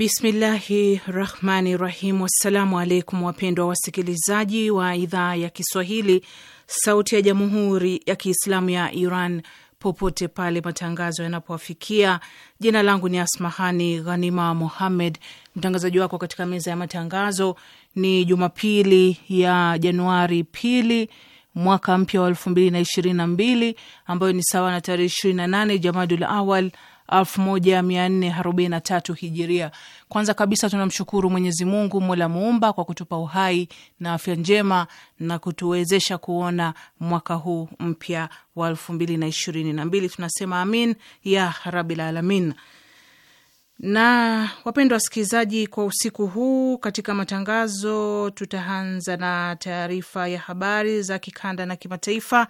Bismillahi rahmani rahim. Wassalamu alaikum, wapendwa wasikilizaji wa idhaa ya Kiswahili sauti ya jamhuri ya Kiislamu ya Iran popote pale matangazo yanapowafikia. Jina langu ni Asmahani Ghanima muhammed mtangazaji wako katika meza ya matangazo. Ni Jumapili ya Januari pili mwaka mpya wa elfu mbili na ishirini na mbili ambayo ni sawa na tarehe ishirini na nane Jamadul Awal 1443 hijiria. Kwanza kabisa tunamshukuru Mwenyezi Mungu mola muumba kwa kutupa uhai na afya njema na kutuwezesha kuona mwaka huu mpya wa elfu Tunasema amin ya rabil alamin. Na wapendwa wasikilizaji, kwa usiku huu katika matangazo tutaanza na taarifa ya habari za kikanda na kimataifa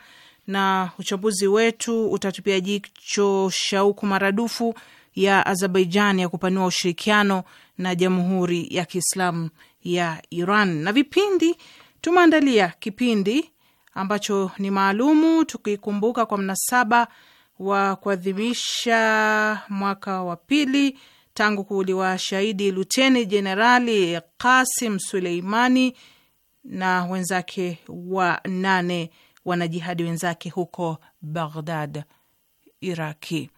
na uchambuzi wetu utatupia jicho shauku maradufu ya Azerbaijan ya kupanua ushirikiano na Jamhuri ya Kiislamu ya Iran, na vipindi tumeandalia kipindi ambacho ni maalumu tukikumbuka kwa mnasaba wa kuadhimisha mwaka wa pili tangu kuuliwa shahidi Luteni Jenerali Kasim Suleimani na wenzake wa nane wanajihadi wenzake huko Baghdad, Iraki.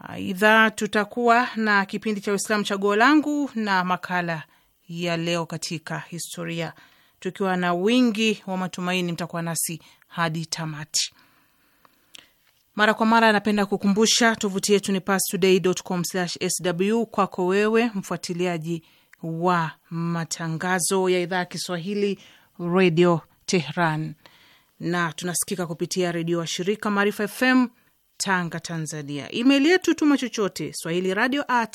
Aidha, tutakuwa na kipindi cha Uislamu chaguo langu na makala ya leo katika historia, tukiwa na wingi wa matumaini. Mtakuwa nasi hadi tamati. Mara kwa mara napenda kukumbusha tovuti yetu ni pastoday.com/sw, kwako wewe mfuatiliaji wa matangazo ya idhaa ya Kiswahili radio Tehran, na tunasikika kupitia redio wa shirika Maarifa FM Tanga, Tanzania. Email yetu tuma chochote swahili radio at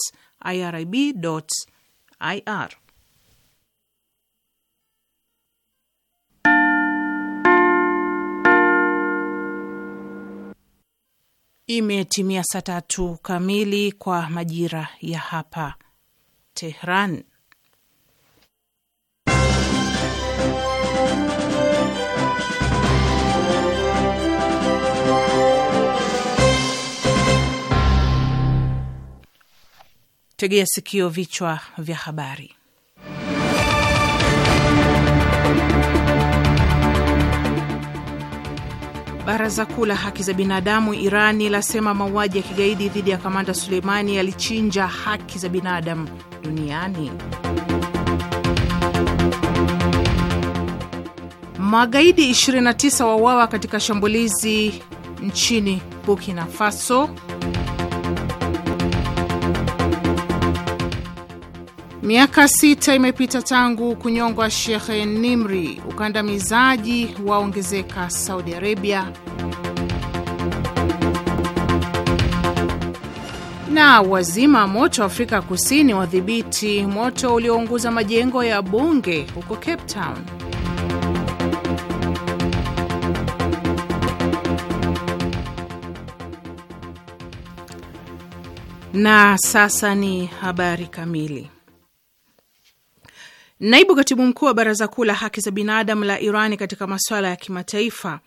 irib ir. Imetimia saa tatu kamili kwa majira ya hapa Tehran. Tegea sikio, vichwa vya habari. Baraza Kuu la Haki za Binadamu Irani lasema mauaji ya kigaidi dhidi ya kamanda Suleimani yalichinja haki za binadamu duniani. Magaidi 29 wauawa katika shambulizi nchini Burkina Faso. Miaka sita imepita tangu kunyongwa Shekhe Nimri. Ukandamizaji waongezeka Saudi Arabia. Na wazima moto Afrika Kusini wadhibiti moto uliounguza majengo ya bunge huko Cape Town. Na sasa ni habari kamili. Naibu katibu mkuu wa baraza kuu la haki za binadamu la iran katika masuala ya kimataifa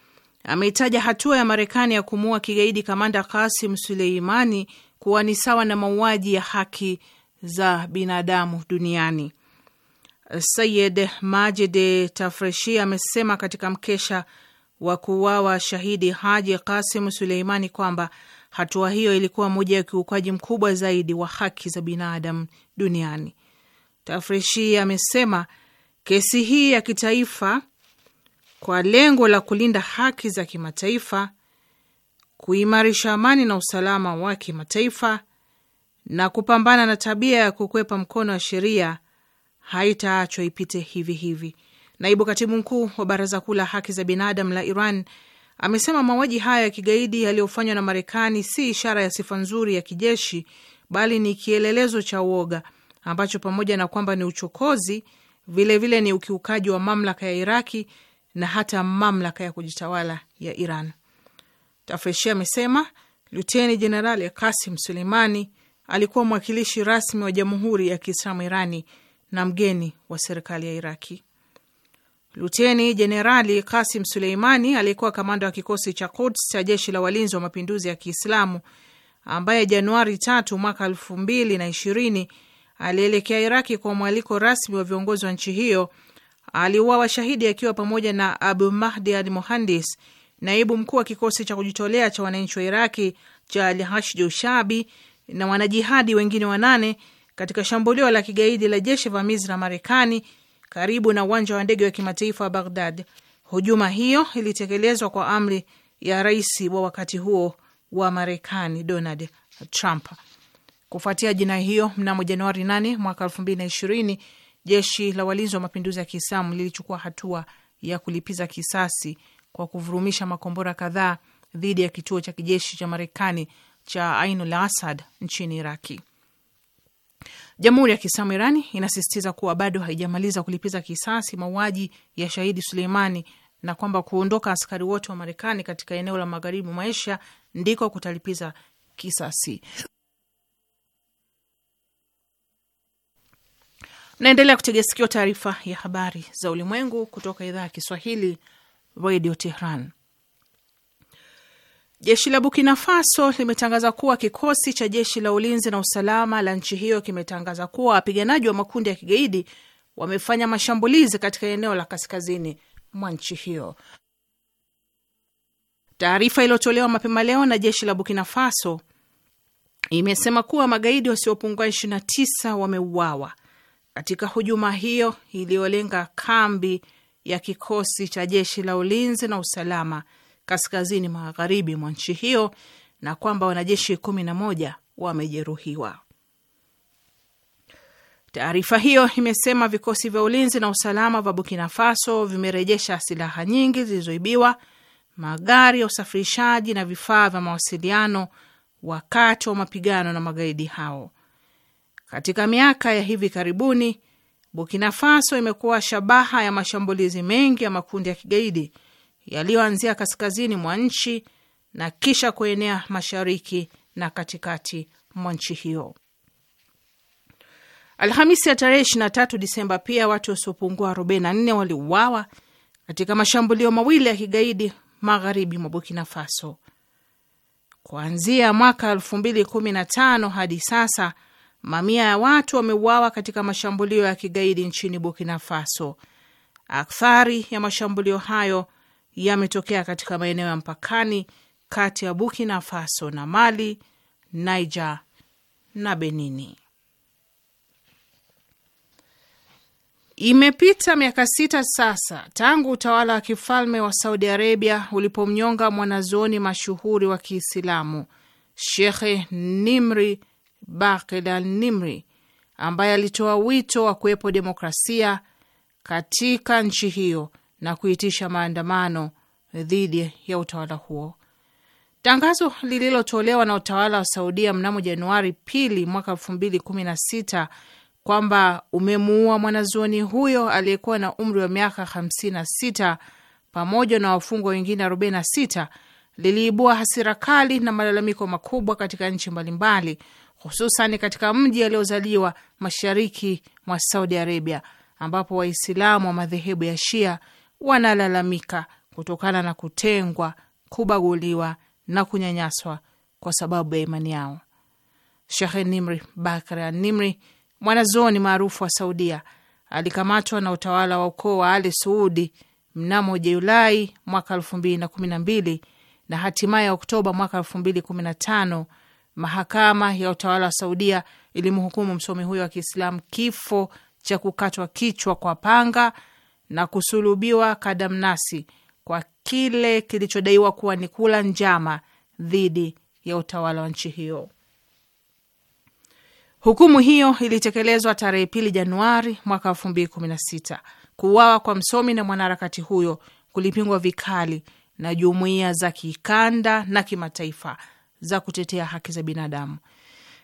ameitaja hatua ya Marekani ya kumuua kigaidi kamanda Kasim Suleimani kuwa ni sawa na mauaji ya haki za binadamu duniani. Sayed Majid Tafreshi amesema katika mkesha wa kuuawa shahidi Haji Kasim Suleimani kwamba hatua hiyo ilikuwa moja ya ukiukaji mkubwa zaidi wa haki za binadamu duniani. Tafreshi amesema kesi hii ya kitaifa kwa lengo la kulinda haki za kimataifa, kuimarisha amani na usalama wa kimataifa na kupambana na tabia ya kukwepa mkono wa sheria haitaachwa ipite hivi hivi. Naibu katibu mkuu wa Baraza Kuu la Haki za Binadamu la Iran amesema mauaji haya ya kigaidi yaliyofanywa na Marekani si ishara ya sifa nzuri ya kijeshi, bali ni kielelezo cha uoga ambacho pamoja na kwamba ni uchokozi, vilevile vile ni ukiukaji wa mamlaka ya Iraki na hata mamlaka ya kujitawala ya Iran. Tafreshi amesema Luteni Jenerali Kasim Suleimani alikuwa mwakilishi rasmi wa Jamhuri ya Kiislamu Irani na mgeni wa serikali ya Iraki. Luteni Jenerali Kasim Suleimani aliyekuwa kamanda wa kikosi cha Quds cha jeshi la walinzi wa mapinduzi ya Kiislamu ambaye Januari tatu mwaka elfu mbili na ishirini alielekea Iraki kwa mwaliko rasmi wa viongozi wa nchi hiyo, aliuawa shahidi akiwa pamoja na Abu Mahdi al Muhandis, naibu mkuu wa kikosi cha kujitolea cha wananchi wa Iraki cha Al Hashdu Shabi na wanajihadi wengine wanane katika shambulio la kigaidi la jeshi vamizi la Marekani karibu na uwanja wa ndege wa kimataifa wa Baghdad. Hujuma hiyo ilitekelezwa kwa amri ya rais wa wakati huo wa Marekani Donald Trump. Kufuatia jinai hiyo, mnamo Januari 8 mwaka 2020 jeshi la walinzi wa mapinduzi ya Kiislamu lilichukua hatua ya kulipiza kisasi kwa kuvurumisha makombora kadhaa dhidi ya kituo cha kijeshi cha Marekani cha Ainul Asad nchini Iraki. Jamhuri ya Kiislamu Irani inasisitiza kuwa bado haijamaliza kulipiza kisasi mauaji ya shahidi Suleimani na kwamba kuondoka askari wote wa Marekani katika eneo la magharibi mwa Asia ndiko kutalipiza kisasi. Naendelea kutegea sikio taarifa ya habari za ulimwengu kutoka idhaa ya Kiswahili Radio Tehran. Jeshi la Burkina Faso limetangaza kuwa kikosi cha jeshi la ulinzi na usalama la nchi hiyo kimetangaza kuwa wapiganaji wa makundi ya kigaidi wamefanya mashambulizi katika eneo la kaskazini mwa nchi hiyo. Taarifa iliyotolewa mapema leo na jeshi la Burkina Faso imesema kuwa magaidi wasiopungua 29 wameuawa katika hujuma hiyo iliyolenga kambi ya kikosi cha jeshi la ulinzi na usalama kaskazini magharibi mwa nchi hiyo na kwamba wanajeshi kumi na moja wamejeruhiwa. Taarifa hiyo imesema vikosi vya ulinzi na usalama vya Burkina Faso vimerejesha silaha nyingi zilizoibiwa, magari ya usafirishaji na vifaa vya mawasiliano wakati wa mapigano na magaidi hao. Katika miaka ya hivi karibuni, Burkina Faso imekuwa shabaha ya mashambulizi mengi ya makundi ya kigaidi yaliyoanzia kaskazini mwa nchi na kisha kuenea mashariki na katikati mwa nchi hiyo. Alhamisi ya tarehe 23 Disemba pia watu wasiopungua 44 waliuawa katika mashambulio mawili ya kigaidi magharibi mwa Burkina Faso. Kuanzia mwaka 2015 hadi sasa Mamia ya watu wameuawa katika mashambulio ya kigaidi nchini Burkina Faso. Akthari ya mashambulio hayo yametokea katika maeneo ya mpakani kati ya Burkina Faso na Mali, Niger na Benini. Imepita miaka sita sasa tangu utawala wa kifalme wa Saudi Arabia ulipomnyonga mwanazuoni mashuhuri wa Kiislamu Shekhe Nimri Bakir al-Nimri ambaye alitoa wito wa kuwepo demokrasia katika nchi hiyo na kuitisha maandamano dhidi ya utawala huo. Tangazo lililotolewa na utawala wa Saudia mnamo Januari pili mwaka elfu mbili kumi na sita kwamba umemuua mwanazuoni huyo aliyekuwa na umri wa miaka sita pamoja na wafungwa wengine sita liliibua hasira kali na malalamiko makubwa katika nchi mbalimbali hususan katika mji aliozaliwa mashariki mwa Saudi Arabia, ambapo Waislamu wa madhehebu ya Shia wanalalamika kutokana na kutengwa, kubaguliwa na kunyanyaswa kwa sababu ya imani yao. Shehe Nimri Bakr An-Nimri, mwanazuoni maarufu wa Saudia, alikamatwa na utawala wa ukoo wa Ali Suudi mnamo Julai mwaka elfu mbili na kumi na mbili na hatimaye Oktoba mwaka elfu mbili kumi na tano Mahakama ya utawala wa Saudia ilimhukumu msomi huyo wa Kiislamu kifo cha kukatwa kichwa kwa panga na kusulubiwa kadamnasi kwa kile kilichodaiwa kuwa ni kula njama dhidi ya utawala wa nchi hiyo. Hukumu hiyo ilitekelezwa tarehe pili Januari mwaka elfu mbili kumi na sita. Kuuawa kwa msomi na mwanaharakati huyo kulipingwa vikali na jumuiya za kikanda na kimataifa za kutetea haki za binadamu.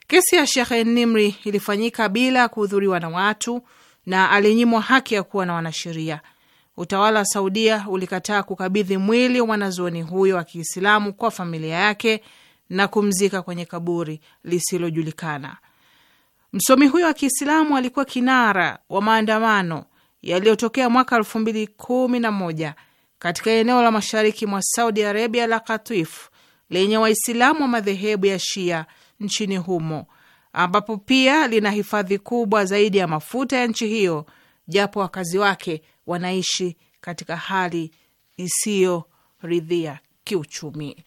Kesi ya Shekhe Nimri ilifanyika bila kuhudhuriwa na watu na alinyimwa haki ya kuwa na wanasheria. Utawala wa Saudia ulikataa kukabidhi mwili wa mwanazuoni huyo wa Kiislamu kwa familia yake na kumzika kwenye kaburi lisilojulikana. Msomi huyo wa Kiislamu alikuwa kinara wa maandamano yaliyotokea mwaka elfu mbili kumi na moja katika eneo la mashariki mwa Saudi Arabia la Katif lenye Waislamu wa madhehebu ya Shia nchini humo, ambapo pia lina hifadhi kubwa zaidi ya mafuta ya nchi hiyo, japo wakazi wake wanaishi katika hali isiyoridhia kiuchumi.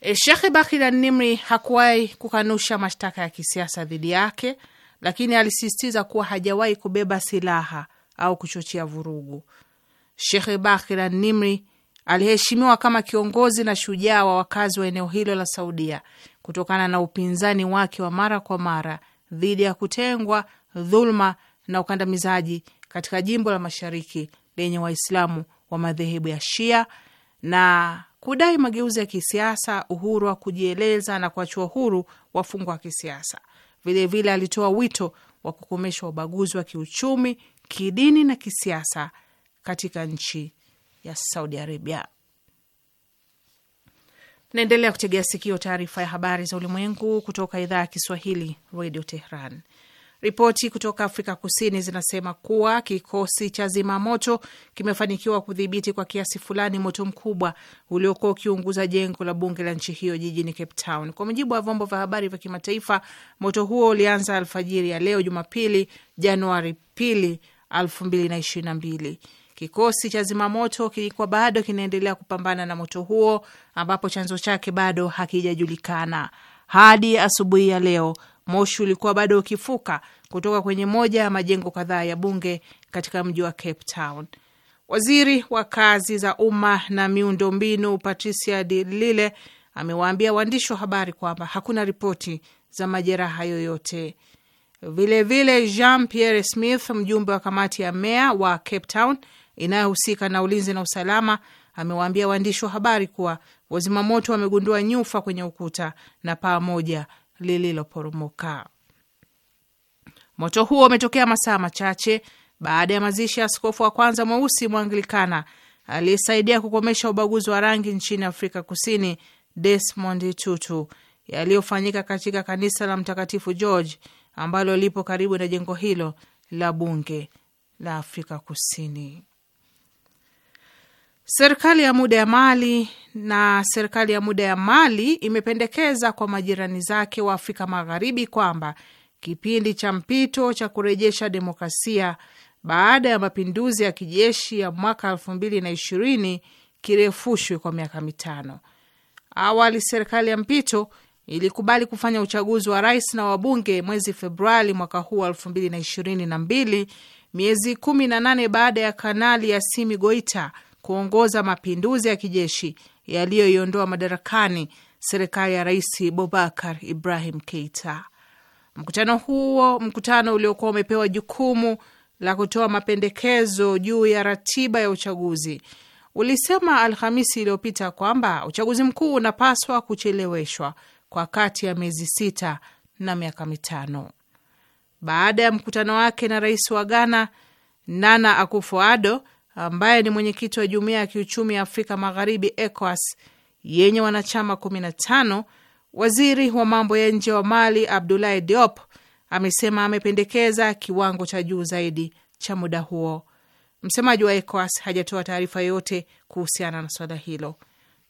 E, Shekhe Bakir Nimri hakuwahi kukanusha mashtaka ya kisiasa dhidi yake, lakini alisisitiza kuwa hajawahi kubeba silaha au kuchochea vurugu. Shekhe Bakir Nimri Aliheshimiwa kama kiongozi na shujaa wa wakazi wa eneo hilo la Saudia kutokana na upinzani wake wa mara kwa mara dhidi ya kutengwa, dhuluma na ukandamizaji katika jimbo la mashariki lenye Waislamu wa madhehebu ya Shia na kudai mageuzi ya kisiasa, uhuru wa kujieleza na kuachua huru wafungwa wa kisiasa. Vilevile alitoa wito wa kukomeshwa ubaguzi wa kiuchumi, kidini na kisiasa katika nchi ya Saudi Arabia. Naendelea kutegea sikio taarifa ya habari za ulimwengu kutoka idhaa ya Kiswahili, Radio Tehran. Ripoti kutoka Afrika Kusini zinasema kuwa kikosi cha zimamoto kimefanikiwa kudhibiti kwa kiasi fulani moto mkubwa uliokuwa ukiunguza jengo la bunge la nchi hiyo jijini Cape Town. Kwa mujibu wa vyombo vya habari vya kimataifa, moto huo ulianza alfajiri ya leo Jumapili, Januari pili, elfu mbili na ishirini na mbili. Kikosi cha zimamoto kilikuwa bado kinaendelea kupambana na moto huo ambapo chanzo chake bado hakijajulikana. Hadi asubuhi ya leo, moshi ulikuwa bado ukifuka kutoka kwenye moja ya majengo kadhaa ya bunge katika mji wa Cape Town. Waziri wa kazi za umma na miundombinu Patricia de Lille amewaambia waandishi wa habari kwamba hakuna ripoti za majeraha yoyote. Vilevile, Jean Pierre Smith, mjumbe wa kamati ya meya wa Cape Town, inayohusika na ulinzi na usalama amewaambia waandishi wa habari kuwa wazimamoto wamegundua nyufa kwenye ukuta na paa moja lililoporomoka. Moto huo umetokea masaa machache baada ya mazishi ya askofu wa kwanza mweusi mwanglikana aliyesaidia kukomesha ubaguzi wa rangi nchini Afrika Kusini, Desmond Tutu, yaliyofanyika katika kanisa la Mtakatifu George ambalo lipo karibu na jengo hilo la bunge la Afrika Kusini. Serikali ya muda ya Mali na serikali ya muda ya Mali imependekeza kwa majirani zake wa Afrika Magharibi kwamba kipindi cha mpito cha kurejesha demokrasia baada ya mapinduzi ya kijeshi ya mwaka elfu mbili na ishirini kirefushwe kwa miaka mitano. Awali serikali ya mpito ilikubali kufanya uchaguzi wa rais na wabunge mwezi Februari mwaka huu wa elfu mbili na ishirini na mbili, miezi kumi na nane baada ya Kanali ya simi Goita kuongoza mapinduzi ya kijeshi yaliyoiondoa madarakani serikali ya Rais Bobakar Ibrahim Keita. Mkutano huo, mkutano uliokuwa umepewa jukumu la kutoa mapendekezo juu ya ratiba ya uchaguzi, ulisema Alhamisi iliyopita kwamba uchaguzi mkuu unapaswa kucheleweshwa kwa kati ya miezi sita na miaka mitano. Baada ya mkutano wake na rais wa Ghana Nana Akufo-Addo ambaye ni mwenyekiti wa jumuiya ya kiuchumi ya Afrika Magharibi, ECOWAS, yenye wanachama 15, waziri wa mambo ya nje wa Mali Abdoulaye Diop amesema amependekeza kiwango cha juu zaidi cha muda huo. Msemaji wa ECOWAS hajatoa taarifa yoyote kuhusiana na swala hilo.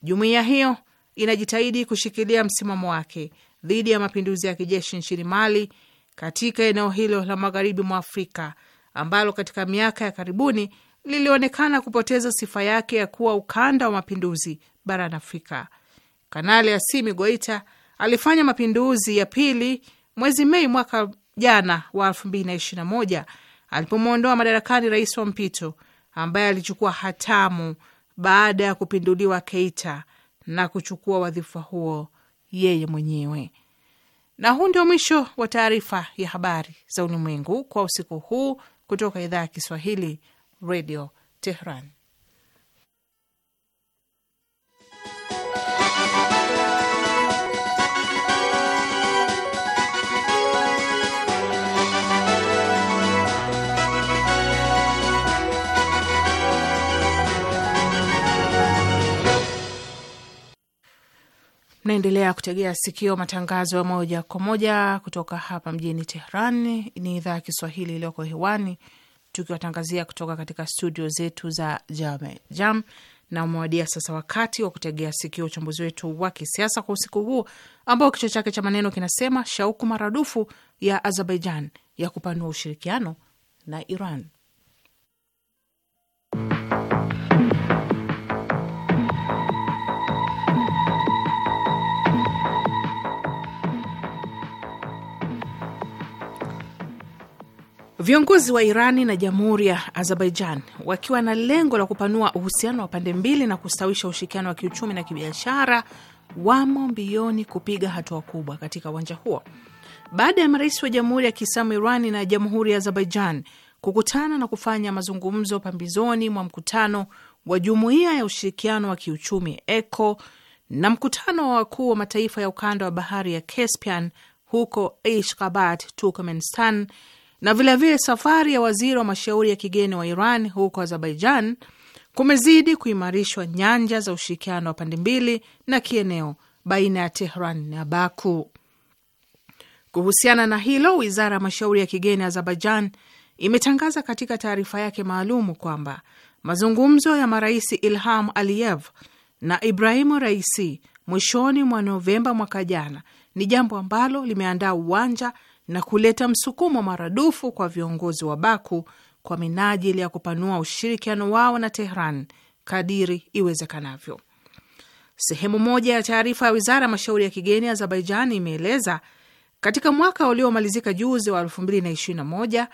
Jumuiya hiyo inajitahidi kushikilia msimamo wake dhidi ya mapinduzi ya kijeshi nchini Mali katika eneo hilo la magharibi mwa Afrika ambalo katika miaka ya karibuni lilionekana kupoteza sifa yake ya kuwa ukanda wa mapinduzi barani Afrika. Kanali Asimi Goita alifanya mapinduzi ya pili mwezi Mei mwaka jana wa 2021 alipomwondoa madarakani rais wa mpito ambaye alichukua hatamu baada ya kupinduliwa Keita na kuchukua wadhifa huo yeye mwenyewe. Na huu ndio mwisho wa taarifa ya habari za ulimwengu kwa usiku huu kutoka idhaa ya Kiswahili Radio Tehran. Naendelea kutegea sikio matangazo ya moja kwa moja kutoka hapa mjini Tehran. Ni idhaa ya Kiswahili iliyoko hewani tukiwatangazia kutoka katika studio zetu za Jame Jam, na umewadia sasa wakati wa kutegea sikio uchambuzi wetu wa kisiasa kwa usiku huu ambao kichwa chake cha maneno kinasema shauku maradufu ya Azerbaijan ya kupanua ushirikiano na Iran. Viongozi wa Irani na jamhuri ya Azerbaijan wakiwa na lengo la kupanua uhusiano wa pande mbili na kustawisha ushirikiano wa kiuchumi na kibiashara wamo mbioni kupiga hatua kubwa katika uwanja huo baada ya marais wa jamhuri ya Kiislamu Irani na jamhuri ya Azerbaijan kukutana na kufanya mazungumzo pambizoni mwa mkutano wa jumuiya ya ushirikiano wa kiuchumi ECO na mkutano wa wakuu wa mataifa ya ukanda wa bahari ya Caspian huko Ashgabat, Turkmenistan na vilevile vile safari ya waziri wa mashauri ya kigeni wa Iran huko Azerbaijan kumezidi kuimarishwa nyanja za ushirikiano wa pande mbili na kieneo baina ya Tehran na Baku. Kuhusiana na hilo, wizara ya mashauri ya kigeni Azerbaijan imetangaza katika taarifa yake maalumu kwamba mazungumzo ya marais Ilham Aliyev na Ibrahimu Raisi mwishoni mwa Novemba mwaka jana ni jambo ambalo limeandaa uwanja na kuleta msukumo maradufu kwa viongozi wa Baku kwa minajili ya kupanua ushirikiano wao na Tehran kadiri iwezekanavyo. Sehemu moja ya taarifa ya wizara ya mashauri ya kigeni Azerbaijan imeeleza katika mwaka uliomalizika juzi wa 2021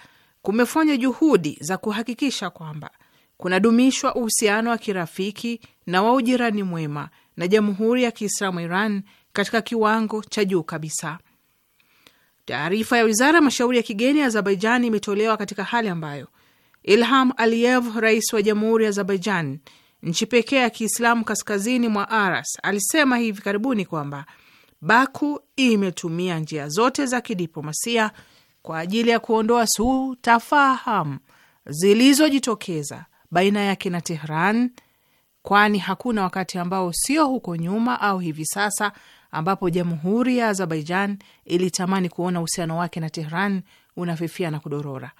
kumefanya juhudi za kuhakikisha kwamba kunadumishwa uhusiano wa kirafiki na wa ujirani mwema na Jamhuri ya Kiislamu Iran katika kiwango cha juu kabisa. Taarifa ya wizara ya mashauri ya kigeni ya Azerbaijan imetolewa katika hali ambayo Ilham Aliyev, rais wa jamhuri ya Azerbaijan, nchi pekee ya Kiislamu kaskazini mwa Aras, alisema hivi karibuni kwamba Baku imetumia njia zote za kidiplomasia kwa ajili ya kuondoa sutafahamu zilizojitokeza baina yake na Tehran, kwani hakuna wakati ambao sio huko nyuma au hivi sasa ambapo jamhuri ya Azerbaijan ilitamani kuona uhusiano wake na Tehran unafifia na kudorora.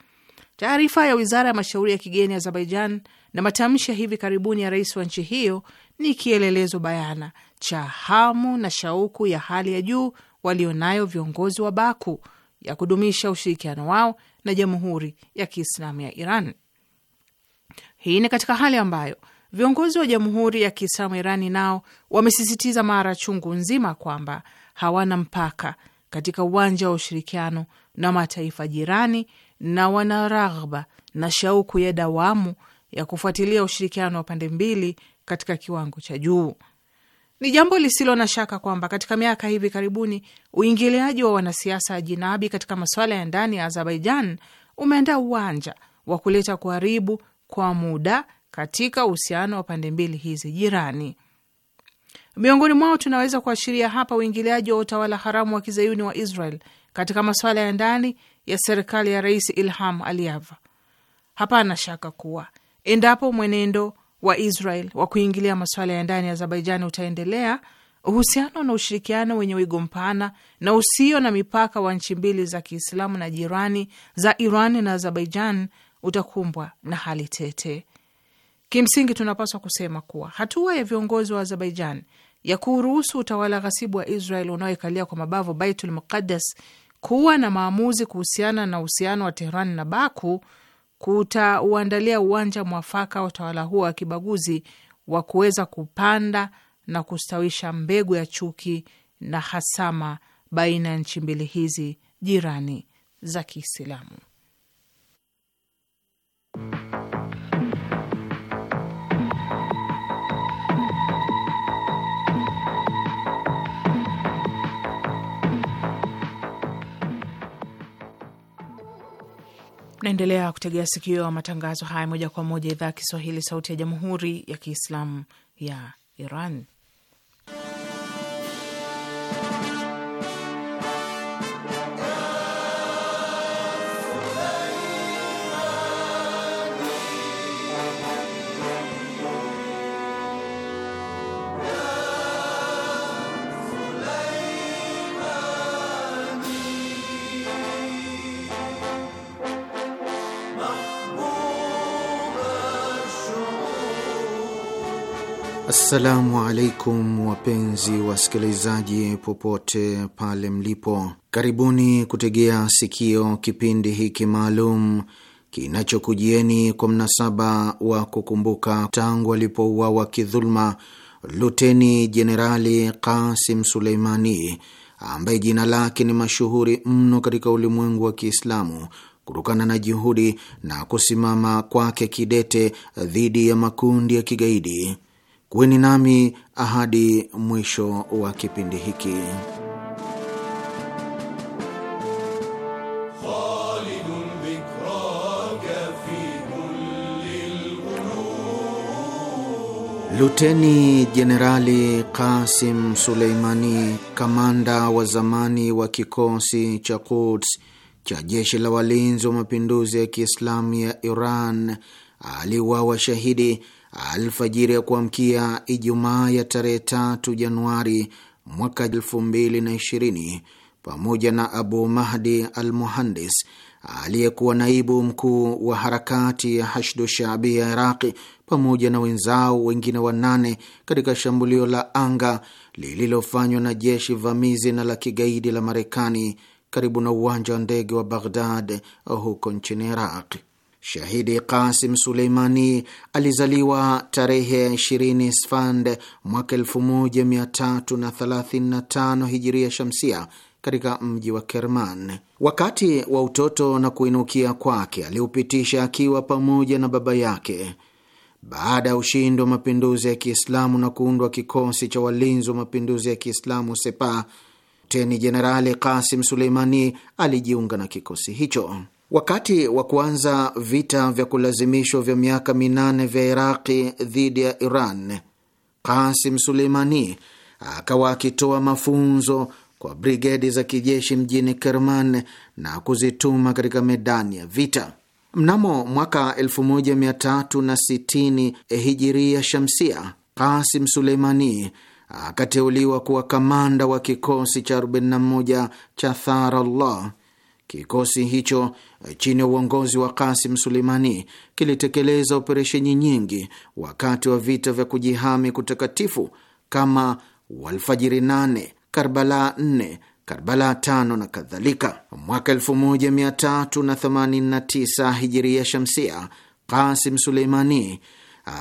Taarifa ya wizara ya mashauri ya kigeni ya Azerbaijan na matamshi ya hivi karibuni ya rais wa nchi hiyo ni kielelezo bayana cha hamu na shauku ya hali ya juu walionayo viongozi wa Baku ya kudumisha ushirikiano wao na jamhuri ya Kiislamu ya Iran. Hii ni katika hali ambayo Viongozi wa Jamhuri ya Kiislamu Irani nao wamesisitiza mara chungu nzima kwamba hawana mpaka katika uwanja wa ushirikiano na mataifa jirani na wana raghba na shauku ya dawamu ya kufuatilia ushirikiano wa pande mbili katika kiwango cha juu. Ni jambo lisilo na shaka kwamba katika miaka hivi karibuni uingiliaji wa wanasiasa ajinabi katika masuala ya ndani ya Azerbaijan umeandaa uwanja wa kuleta kuharibu kwa muda katika uhusiano wa pande mbili hizi jirani. Miongoni mwao tunaweza kuashiria hapa uingiliaji wa utawala haramu wa kizayuni wa Israel katika masuala ya ndani ya serikali ya Rais Ilham Aliyev. Hapana shaka kuwa endapo mwenendo wa Israel wa kuingilia masuala ya ndani ya Azerbaijani utaendelea, uhusiano na ushirikiano wenye wigo mpana na usio na mipaka wa nchi mbili za Kiislamu na jirani za Iran na Azerbaijan utakumbwa na hali tete. Kimsingi tunapaswa kusema kuwa hatua ya viongozi wa Azerbaijan ya kuruhusu utawala ghasibu wa Israel unaoikalia kwa mabavu Baitul Muqaddas kuwa na maamuzi kuhusiana na uhusiano wa Tehran na Baku kutauandalia uwanja mwafaka utawala huo wa kibaguzi wa kuweza kupanda na kustawisha mbegu ya chuki na hasama baina ya nchi mbili hizi jirani za Kiislamu. Naendelea kutegea sikio wa matangazo haya moja kwa moja idhaa ya Kiswahili, sauti ya jamhuri ya kiislamu ya Iran. Assalamu alaikum wapenzi wasikilizaji, popote pale mlipo, karibuni kutegea sikio kipindi hiki maalum kinachokujieni kwa mnasaba wa kukumbuka tangu alipouawa kidhuluma Luteni Jenerali Kasim Suleimani ambaye jina lake ni mashuhuri mno katika ulimwengu wa Kiislamu kutokana na juhudi na kusimama kwake kidete dhidi ya makundi ya kigaidi. Kuweni nami ahadi mwisho wa kipindi hiki. Luteni Jenerali Kasim Suleimani, kamanda wa zamani wa kikosi cha Quds cha jeshi la walinzi wa mapinduzi ya Kiislamu ya Iran, aliuawa shahidi alfajiri ya kuamkia Ijumaa ya tarehe 3 Januari mwaka ishirini pamoja na Abu Mahdi al Muhandis aliyekuwa naibu mkuu wa harakati ya Hashdu Shaabi ya Iraqi pamoja na wenzao wengine wanane katika shambulio la anga lililofanywa na jeshi vamizi na la kigaidi la Marekani karibu na uwanja wa ndege wa Baghdad huko nchini Iraqi. Shahidi Kasim Suleimani alizaliwa tarehe ya 20 Sfand mwaka 1335 hijiria shamsia katika mji wa Kerman. Wakati wa utoto na kuinukia kwake aliupitisha akiwa pamoja na baba yake. Baada ya ushindi wa mapinduzi ya Kiislamu na kuundwa kikosi cha walinzi wa mapinduzi ya Kiislamu Sepa, Luteni Jenerali Kasim Suleimani alijiunga na kikosi hicho. Wakati wa kuanza vita vya kulazimishwa vya miaka minane vya Iraqi dhidi ya Iran, Kasim Suleimani akawa akitoa mafunzo kwa brigedi za kijeshi mjini Kerman na kuzituma katika medani ya vita. Mnamo mwaka 1360 hijiria shamsia, Kasim Suleimani akateuliwa kuwa kamanda wa kikosi cha 41 cha Tharallah. Kikosi hicho eh, chini ya uongozi wa Kasim Suleimani kilitekeleza operesheni nyingi wakati wa vita vya kujihami kutakatifu kama Walfajiri 8, Karbala 4, Karbala 5 na kadhalika. Mwaka 1389 ya shamsia, Kasim Suleimani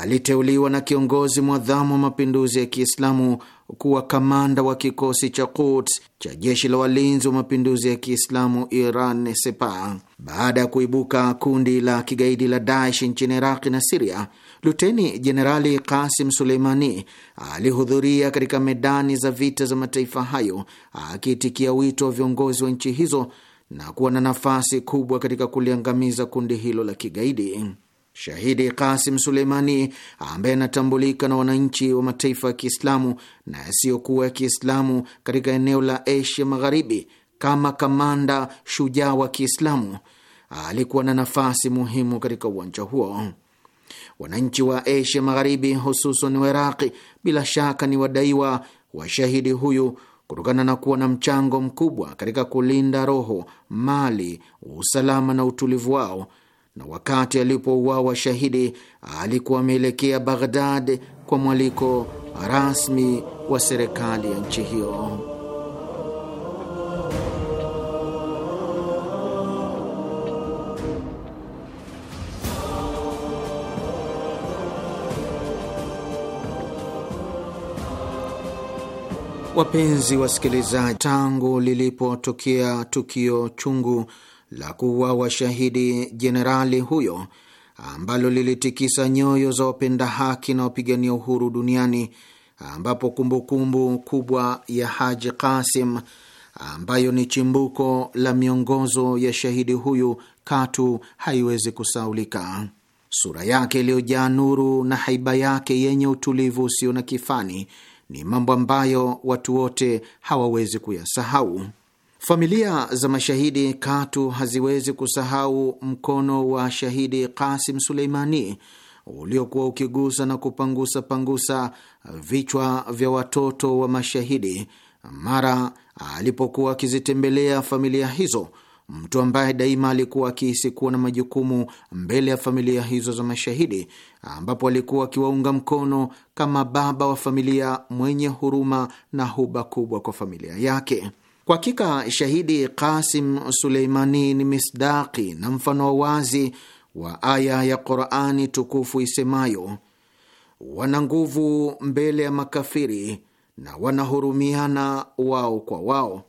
aliteuliwa na kiongozi mwadhamu wa mapinduzi ya Kiislamu kuwa kamanda wa kikosi cha Quds cha jeshi la walinzi wa mapinduzi ya Kiislamu Iran Sepah. Baada ya kuibuka kundi la kigaidi la Daesh nchini Iraqi na Siria, Luteni Jenerali Kasim Suleimani alihudhuria katika medani za vita za mataifa hayo akiitikia wito wa viongozi wa nchi hizo na kuwa na nafasi kubwa katika kuliangamiza kundi hilo la kigaidi. Shahidi Kasim Suleimani ambaye anatambulika na wananchi wa mataifa ya Kiislamu na yasiyokuwa ya Kiislamu katika eneo la Asia Magharibi kama kamanda shujaa wa Kiislamu alikuwa na nafasi muhimu katika uwanja huo. Wananchi wa Asia Magharibi, hususan wa Iraqi, bila shaka ni wadaiwa wa shahidi huyu kutokana na kuwa na mchango mkubwa katika kulinda roho, mali, usalama na utulivu wao na wakati alipouawa shahidi alikuwa ameelekea Baghdad kwa mwaliko rasmi wa serikali ya nchi hiyo. Wapenzi wasikilizaji, tangu lilipotokea tukio chungu la kuuawa shahidi jenerali huyo ambalo lilitikisa nyoyo za wapenda haki na wapigania uhuru duniani, ambapo kumbukumbu kumbu kubwa ya Haji Kasim ambayo ni chimbuko la miongozo ya shahidi huyu katu haiwezi kusaulika. Sura yake iliyojaa nuru na haiba yake yenye utulivu usio na kifani ni mambo ambayo watu wote hawawezi kuyasahau. Familia za mashahidi katu haziwezi kusahau mkono wa shahidi Kasim Suleimani uliokuwa ukigusa na kupangusa pangusa vichwa vya watoto wa mashahidi mara alipokuwa akizitembelea familia hizo, mtu ambaye daima alikuwa akihisi kuwa na majukumu mbele ya familia hizo za mashahidi, ambapo alikuwa akiwaunga mkono kama baba wa familia mwenye huruma na huba kubwa kwa familia yake. Kwa hakika shahidi Qasim Suleimani ni misdaki na mfano wa wazi wa aya ya Qurani tukufu isemayo, wana nguvu mbele ya makafiri na wanahurumiana wao kwa wao.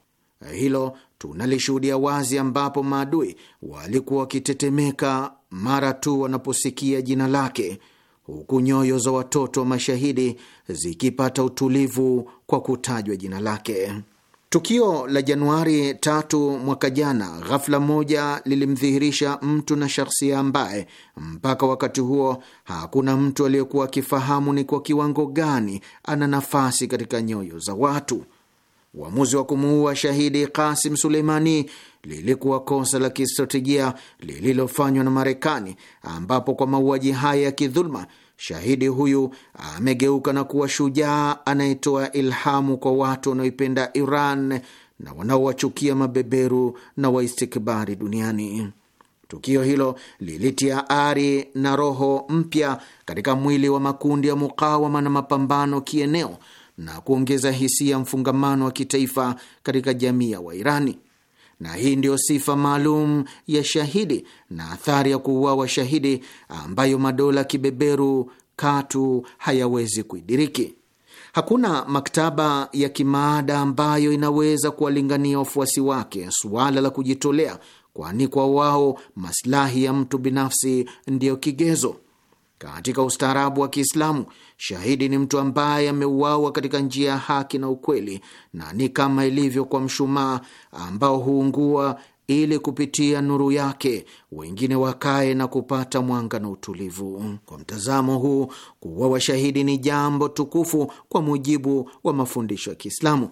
Hilo tunalishuhudia wazi, ambapo maadui walikuwa wakitetemeka mara tu wanaposikia jina lake, huku nyoyo za watoto wa mashahidi zikipata utulivu kwa kutajwa jina lake. Tukio la Januari tatu mwaka jana ghafla moja lilimdhihirisha mtu na shahsia ambaye mpaka wakati huo hakuna mtu aliyekuwa akifahamu ni kwa kiwango gani ana nafasi katika nyoyo za watu. Uamuzi wa kumuua shahidi Kasim Suleimani lilikuwa kosa la kistratejia lililofanywa na Marekani, ambapo kwa mauaji haya ya kidhuluma Shahidi huyu amegeuka na kuwa shujaa anayetoa ilhamu kwa watu wanaoipenda Iran na wanaowachukia mabeberu na waistikbari duniani. Tukio hilo lilitia ari na roho mpya katika mwili wa makundi ya mukawama na mapambano kieneo na kuongeza hisia mfungamano wa kitaifa katika jamii ya Wairani na hii ndiyo sifa maalum ya shahidi na athari ya kuuawa shahidi ambayo madola kibeberu katu hayawezi kuidiriki. Hakuna maktaba ya kimaada ambayo inaweza kuwalingania wafuasi wake suala la kujitolea, kwani kwa wao maslahi ya mtu binafsi ndiyo kigezo. Katika ustaarabu wa Kiislamu, shahidi ni mtu ambaye ameuawa katika njia ya haki na ukweli, na ni kama ilivyo kwa mshumaa ambao huungua ili kupitia nuru yake wengine wakae na kupata mwanga na utulivu. Kwa mtazamo huu, kuuawa shahidi ni jambo tukufu kwa mujibu wa mafundisho ya Kiislamu.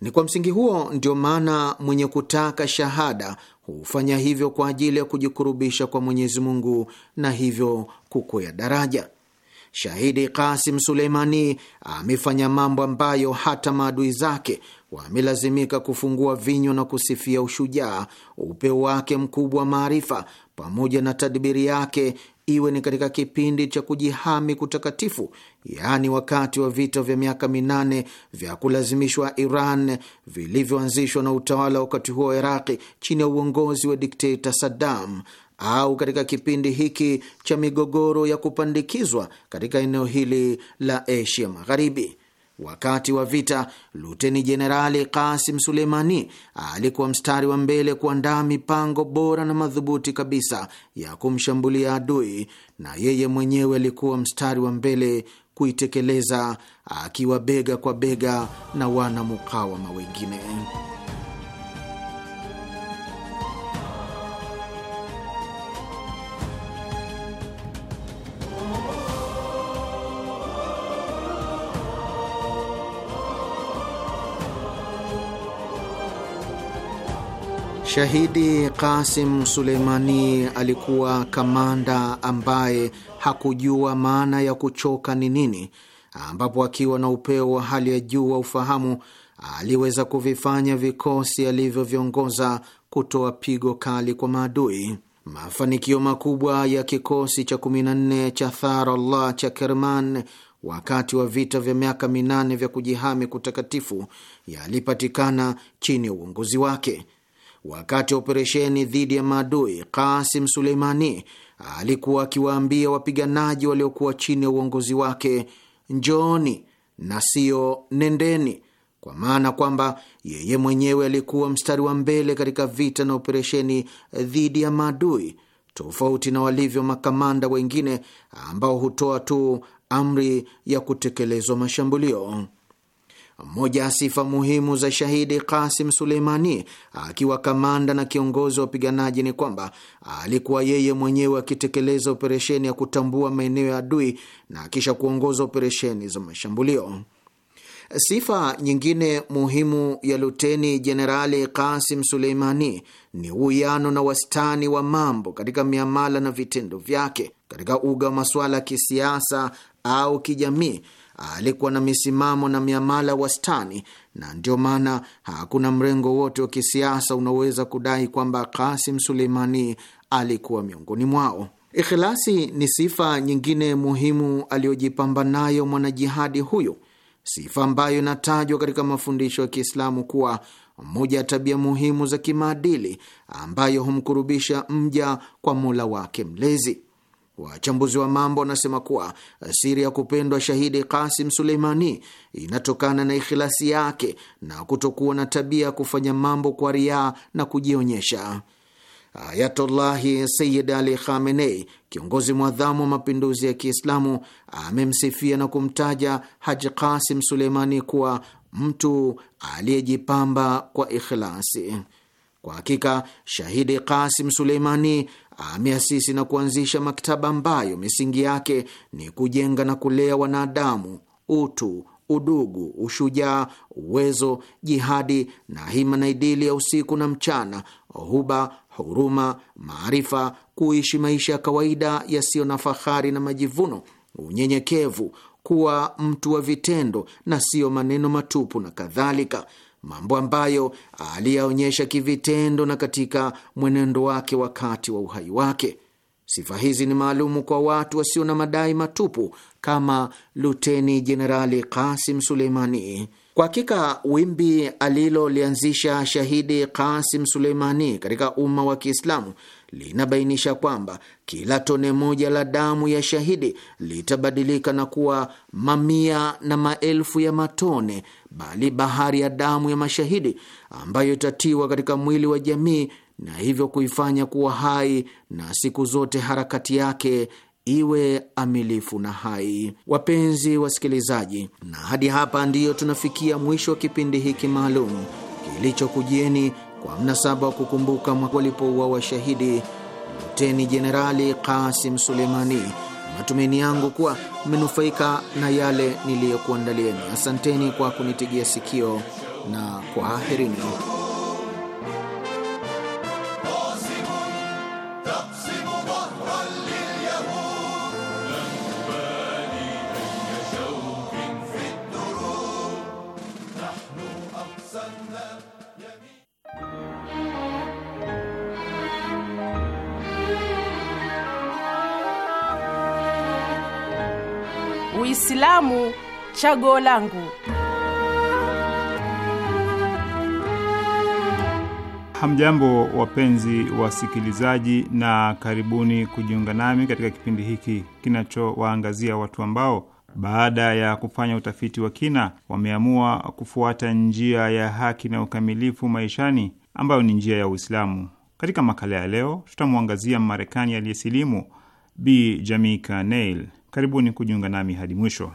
Ni kwa msingi huo ndio maana mwenye kutaka shahada hufanya hivyo kwa ajili ya kujikurubisha kwa Mwenyezi Mungu na hivyo kukwea daraja. Shahidi Kasim Suleimani amefanya mambo ambayo hata maadui zake wamelazimika kufungua vinywa na kusifia ushujaa, upeo wake mkubwa wa maarifa, pamoja na tadbiri yake iwe ni katika kipindi cha kujihami kutakatifu, yaani wakati wa vita vya miaka minane vya kulazimishwa Iran vilivyoanzishwa na utawala wakati huo wa Iraqi chini ya uongozi wa dikteta Saddam, au katika kipindi hiki cha migogoro ya kupandikizwa katika eneo hili la Asia Magharibi. Wakati wa vita, luteni jenerali Kasim Suleimani alikuwa mstari wa mbele kuandaa mipango bora na madhubuti kabisa ya kumshambulia adui, na yeye mwenyewe alikuwa mstari wa mbele kuitekeleza akiwa bega kwa bega na wanamukawama wengine. Shahidi Kasim Suleimani alikuwa kamanda ambaye hakujua maana ya kuchoka ni nini, ambapo akiwa na upeo wa hali ya juu wa ufahamu aliweza kuvifanya vikosi alivyoviongoza kutoa pigo kali kwa maadui. Mafanikio makubwa ya kikosi cha 14 cha Tharallah cha Kerman wakati wa vita vya miaka minane vya kujihami kutakatifu yalipatikana chini ya uongozi wake. Wakati wa operesheni dhidi ya maadui, Kasim Suleimani alikuwa akiwaambia wapiganaji waliokuwa chini ya uongozi wake, njooni na sio nendeni, kwa maana kwamba yeye mwenyewe alikuwa mstari wa mbele katika vita na operesheni dhidi ya maadui, tofauti na walivyo makamanda wengine ambao hutoa tu amri ya kutekelezwa mashambulio. Moja ya sifa muhimu za shahidi Kasim Suleimani akiwa kamanda na kiongozi wa wapiganaji ni kwamba alikuwa yeye mwenyewe akitekeleza operesheni ya kutambua maeneo ya adui na kisha kuongoza operesheni za mashambulio. Sifa nyingine muhimu ya Luteni Jenerali Kasim Suleimani ni uwiano na wastani wa mambo katika miamala na vitendo vyake. Katika uga wa masuala ya kisiasa au kijamii, alikuwa na misimamo na miamala wastani, na ndio maana hakuna mrengo wote wa kisiasa unaoweza kudai kwamba Kasim Suleimani alikuwa miongoni mwao. Ikhilasi ni sifa nyingine muhimu aliyojipamba nayo mwanajihadi huyo, sifa ambayo inatajwa katika mafundisho ya Kiislamu kuwa moja ya tabia muhimu za kimaadili ambayo humkurubisha mja kwa Mola wake Mlezi. Wachambuzi wa mambo wanasema kuwa siri ya kupendwa shahidi Kasim Suleimani inatokana na ikhilasi yake na kutokuwa na tabia ya kufanya mambo kwa riaa na kujionyesha. Ayatullahi Sayid Ali Khamenei, kiongozi mwadhamu wa mapinduzi ya Kiislamu, amemsifia na kumtaja Haji Kasim Suleimani kuwa mtu aliyejipamba kwa ikhilasi. Kwa hakika shahidi Kasim Suleimani ameasisi na kuanzisha maktaba ambayo misingi yake ni kujenga na kulea wanadamu, utu, udugu, ushujaa, uwezo, jihadi na hima na idili ya usiku na mchana, huba, huruma, maarifa, kuishi maisha ya kawaida yasiyo na fahari na majivuno, unyenyekevu, kuwa mtu wa vitendo na siyo maneno matupu na kadhalika mambo ambayo aliyaonyesha kivitendo na katika mwenendo wake wakati wa uhai wake. Sifa hizi ni maalumu kwa watu wasio na madai matupu kama Luteni Jenerali Kasim Suleimani. Kwa hakika wimbi alilolianzisha shahidi Kasim Suleimani katika umma wa Kiislamu linabainisha kwamba kila tone moja la damu ya shahidi litabadilika na kuwa mamia na maelfu ya matone, bali bahari ya damu ya mashahidi ambayo itatiwa katika mwili wa jamii na hivyo kuifanya kuwa hai na siku zote harakati yake iwe amilifu na hai. Wapenzi wasikilizaji, na hadi hapa ndiyo tunafikia mwisho wa kipindi hiki maalum kilichokujieni kwa mnasaba wa kukumbuka walipouawa washahidi Luteni Jenerali Kasim Suleimani. Matumaini yangu kuwa mmenufaika na yale niliyokuandalieni. Asanteni kwa kunitegea sikio na kwaherini. Uislamu chaguo langu. Hamjambo, wapenzi wasikilizaji, na karibuni kujiunga nami katika kipindi hiki kinachowaangazia watu ambao baada ya kufanya utafiti wa kina wameamua kufuata njia ya haki na ukamilifu maishani ambayo ni njia ya Uislamu. Katika makala ya leo, tutamwangazia marekani aliyesilimu Bi Jamika Neil. Karibuni kujiunga nami hadi mwisho.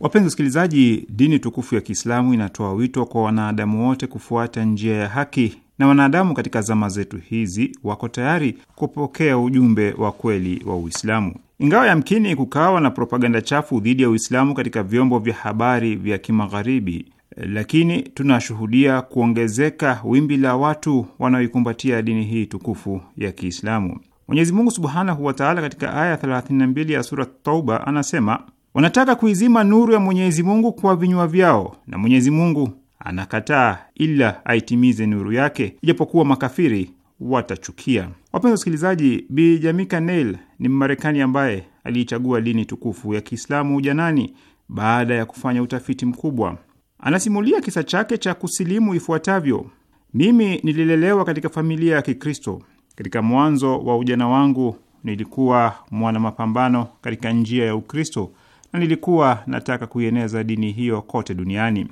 Wapenzi wasikilizaji, dini tukufu ya Kiislamu inatoa wito kwa wanadamu wote kufuata njia ya haki na wanadamu katika zama zetu hizi wako tayari kupokea ujumbe wa kweli wa Uislamu, ingawa yamkini kukawa na propaganda chafu dhidi ya Uislamu katika vyombo vya habari vya Kimagharibi, lakini tunashuhudia kuongezeka wimbi la watu wanaoikumbatia dini hii tukufu ya Kiislamu. Mwenyezi Mungu subhanahu wataala katika aya 32 ya sura Tauba anasema, wanataka kuizima nuru ya Mwenyezi Mungu kwa vinywa vyao na Mwenyezi Mungu anakataa ila aitimize nuru yake, ijapokuwa makafiri watachukia. Wapenzi wasikilizaji, Bi Jamika Neil ni Mmarekani ambaye aliichagua dini tukufu ya Kiislamu ujanani baada ya kufanya utafiti mkubwa. Anasimulia kisa chake cha kusilimu ifuatavyo: mimi nililelewa katika familia ya Kikristo. Katika mwanzo wa ujana wangu nilikuwa mwana mapambano katika njia ya Ukristo na nilikuwa nataka kuieneza dini hiyo kote duniani.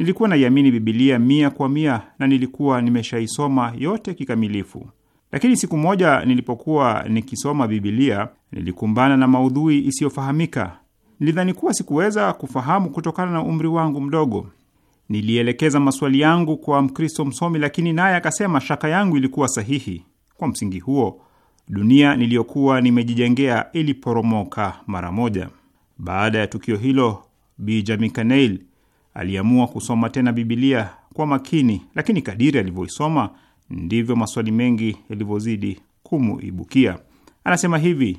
Nilikuwa naiamini Bibilia mia kwa mia na nilikuwa nimeshaisoma yote kikamilifu, lakini siku moja nilipokuwa nikisoma Bibilia nilikumbana na maudhui isiyofahamika. Nilidhani kuwa sikuweza kufahamu kutokana na umri wangu mdogo. Nilielekeza maswali yangu kwa Mkristo msomi, lakini naye akasema shaka yangu ilikuwa sahihi. Kwa msingi huo, dunia niliyokuwa nimejijengea iliporomoka mara moja. Baada ya tukio hilo, Bi aliamua kusoma tena Bibilia kwa makini, lakini kadiri alivyoisoma ndivyo maswali mengi yalivyozidi kumuibukia. Anasema hivi: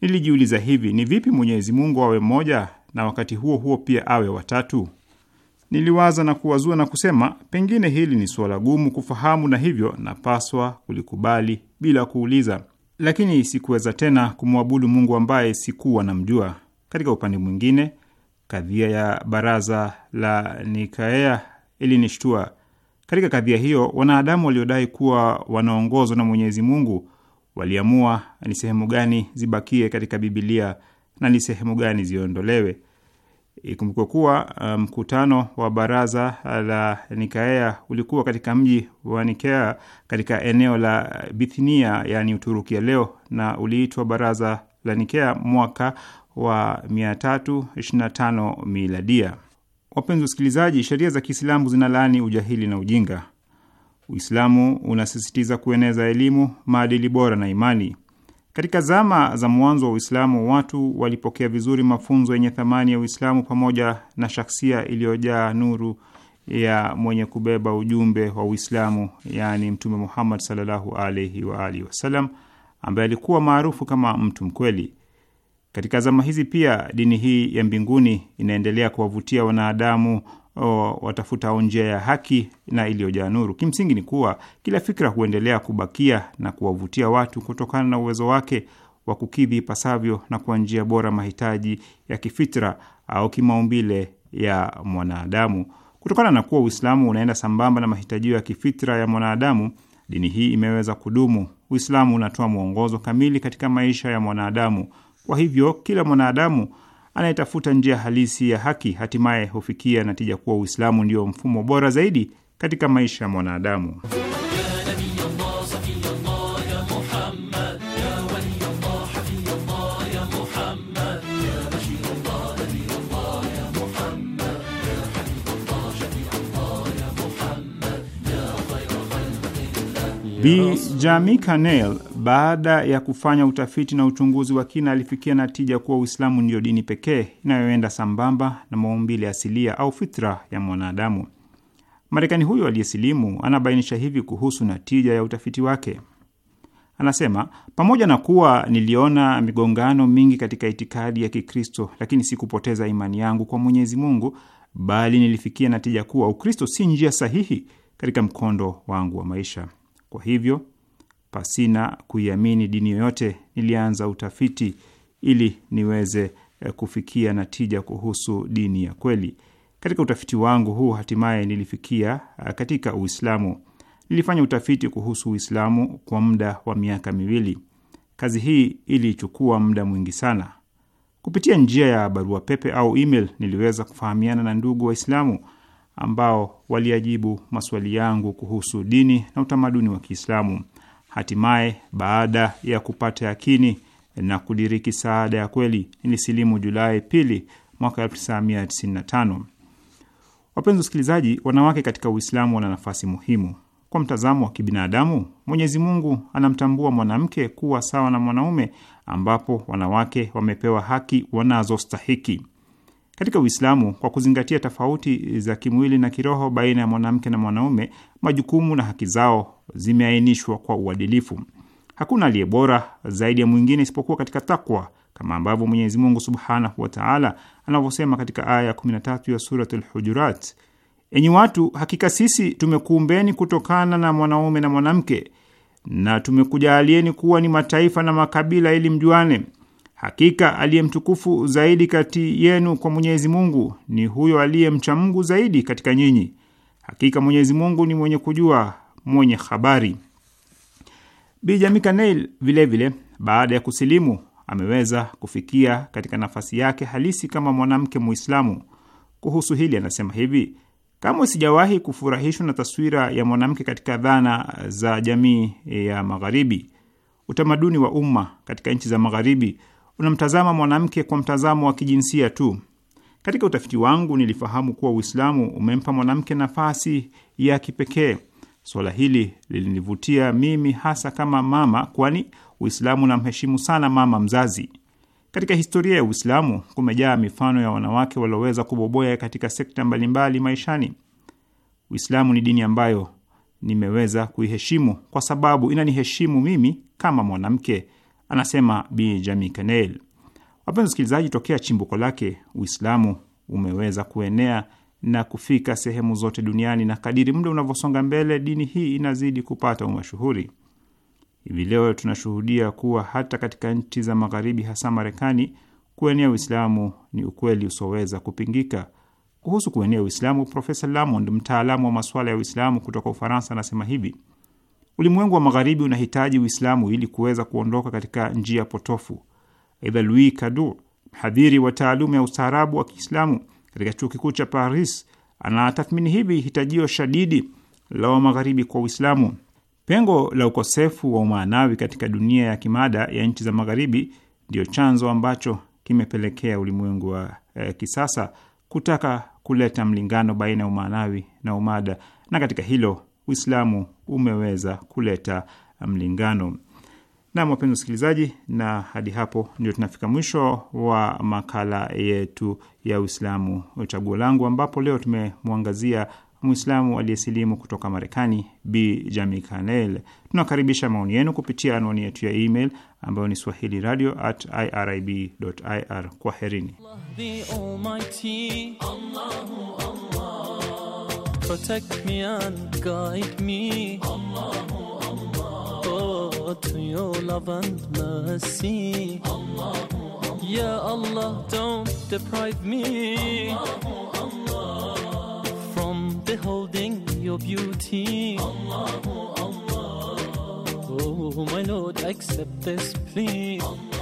nilijiuliza hivi, ni vipi Mwenyezi Mungu awe mmoja na wakati huo huo pia awe watatu? Niliwaza na kuwazua na kusema, pengine hili ni suala gumu kufahamu, na hivyo napaswa kulikubali bila kuuliza, lakini sikuweza tena kumwabudu Mungu ambaye sikuwa namjua. Katika upande mwingine Kadhia ya baraza la Nikaea ilinishtua. Katika kadhia hiyo, wanadamu waliodai kuwa wanaongozwa na Mwenyezi Mungu waliamua ni sehemu gani zibakie katika Bibilia na ni sehemu gani ziondolewe. Ikumbukwe kuwa uh, mkutano um, wa baraza la Nikaea ulikuwa katika mji wa Nikea katika eneo la Bithinia, yaani Uturuki ya leo, na uliitwa baraza la Nikea mwaka wa 325 miladia. Wapenzi wasikilizaji, sheria za Kiislamu zinalaani ujahili na ujinga. Uislamu unasisitiza kueneza elimu, maadili bora na imani. Katika zama za mwanzo wa Uislamu, watu walipokea vizuri mafunzo yenye thamani ya Uislamu pamoja na shaksia iliyojaa nuru ya mwenye kubeba ujumbe wa Uislamu, yaani Mtume Muhammad sallallahu alaihi wa alihi wasallam, ambaye alikuwa maarufu kama mtu mkweli. Katika zama hizi pia dini hii ya mbinguni inaendelea kuwavutia wanadamu watafuta watafutao njia ya haki na iliyojaa nuru. Kimsingi ni kuwa kila fikra huendelea kubakia na kuwavutia watu kutokana na uwezo wake wa kukidhi ipasavyo na kwa njia bora mahitaji ya kifitra au kimaumbile ya mwanadamu. Kutokana na kuwa Uislamu unaenda sambamba na mahitajio ya kifitra ya mwanadamu, dini hii imeweza kudumu. Uislamu unatoa mwongozo kamili katika maisha ya mwanadamu kwa hivyo kila mwanadamu anayetafuta njia halisi ya haki hatimaye hufikia natija kuwa Uislamu ndio mfumo bora zaidi katika maisha ya mwanadamu. Bi Jamika baada ya kufanya utafiti na uchunguzi wa kina, alifikia natija kuwa Uislamu ndiyo dini pekee inayoenda sambamba na maumbile asilia au fitra ya mwanadamu. Marekani huyo aliyesilimu anabainisha hivi kuhusu natija ya utafiti wake. Anasema, pamoja na kuwa niliona migongano mingi katika itikadi ya Kikristo, lakini sikupoteza imani yangu kwa Mwenyezi Mungu, bali nilifikia natija kuwa Ukristo si njia sahihi katika mkondo wangu wa maisha. Kwa hivyo pasina kuiamini dini yoyote. Nilianza utafiti ili niweze eh, kufikia natija kuhusu dini ya kweli. Katika utafiti wangu huu hatimaye nilifikia eh, katika Uislamu. Nilifanya utafiti kuhusu Uislamu kwa muda wa miaka miwili. Kazi hii ilichukua muda mwingi sana. Kupitia njia ya barua pepe au email niliweza kufahamiana na ndugu Waislamu ambao waliajibu maswali yangu kuhusu dini na utamaduni wa Kiislamu. Hatimaye, baada ya kupata yakini na kudiriki saada ya kweli, nilisilimu Julai pili mwaka 1995. Wapenzi wasikilizaji, wanawake katika Uislamu wana nafasi muhimu. Kwa mtazamo wa kibinadamu, Mwenyezi Mungu anamtambua mwanamke kuwa sawa na mwanaume, ambapo wanawake wamepewa haki wanazostahiki. Katika Uislamu, kwa kuzingatia tofauti za kimwili na kiroho baina ya mwanamke na mwanaume, majukumu na haki zao zimeainishwa kwa uadilifu. Hakuna aliye bora zaidi ya mwingine isipokuwa katika takwa, kama ambavyo Mwenyezi Mungu subhanahu wa taala anavyosema katika aya ya 13 ya Surat lhujurat enyi watu, hakika sisi tumekuumbeni kutokana na mwanaume na mwanamke na tumekujaalieni kuwa ni mataifa na makabila ili mjuane Hakika aliye mtukufu zaidi kati yenu kwa Mwenyezi Mungu ni huyo aliye mcha Mungu zaidi katika nyinyi. Hakika Mwenyezi Mungu ni mwenye kujua, mwenye habari. Bi Jamika Neil vilevile, baada ya kusilimu, ameweza kufikia katika nafasi yake halisi kama mwanamke Muislamu. Kuhusu hili anasema hivi: Kamwe sijawahi kufurahishwa na taswira ya mwanamke katika dhana za jamii ya Magharibi. Utamaduni wa umma katika nchi za Magharibi unamtazama mwanamke kwa mtazamo wa kijinsia tu. Katika utafiti wangu nilifahamu kuwa Uislamu umempa mwanamke nafasi ya kipekee. Suala hili lilinivutia mimi hasa kama mama, kwani Uislamu unamheshimu sana mama mzazi. Katika historia ya Uislamu kumejaa mifano ya wanawake walioweza kuboboya katika sekta mbalimbali maishani. Uislamu ni dini ambayo nimeweza kuiheshimu kwa sababu inaniheshimu mimi kama mwanamke anasema Bi Jami Kenel. Wapenzi wasikilizaji, tokea chimbuko lake Uislamu umeweza kuenea na kufika sehemu zote duniani na kadiri muda unavyosonga mbele, dini hii inazidi kupata umashuhuri. Hivi leo tunashuhudia kuwa hata katika nchi za Magharibi, hasa Marekani, kuenea Uislamu ni ukweli usioweza kupingika. Kuhusu kuenea Uislamu, Profesa Lamond, mtaalamu wa masuala ya Uislamu kutoka Ufaransa, anasema hivi: Ulimwengu wa Magharibi unahitaji Uislamu ili kuweza kuondoka katika njia potofu. Aidha, Louis Kadu, mhadhiri wa taaluma ya ustaarabu wa Kiislamu katika chuo kikuu cha Paris, anatathmini hivi hitajio shadidi la Wamagharibi kwa Uislamu. Pengo la ukosefu wa umaanawi katika dunia ya kimada ya nchi za Magharibi ndiyo chanzo ambacho kimepelekea ulimwengu wa eh, kisasa kutaka kuleta mlingano baina ya umaanawi na umada, na katika hilo Uislamu umeweza kuleta mlingano. Nam, wapenzi wasikilizaji, na hadi hapo ndio tunafika mwisho wa makala yetu ya Uislamu Chaguo Langu, ambapo leo tumemwangazia Mwislamu aliyesilimu kutoka Marekani, B Jamika Kanel. Tunakaribisha maoni yenu kupitia anwani yetu ya email ambayo ni swahili radio at irib ir. Kwaherini. protect me and guide me. Allah, Allah. Oh, to your love and mercy. Allahu Allah. Ya Allah, don't deprive me. Allah, Allah. From beholding your beauty. Allah, Allah. Oh, my Lord, accept this plea. Allah.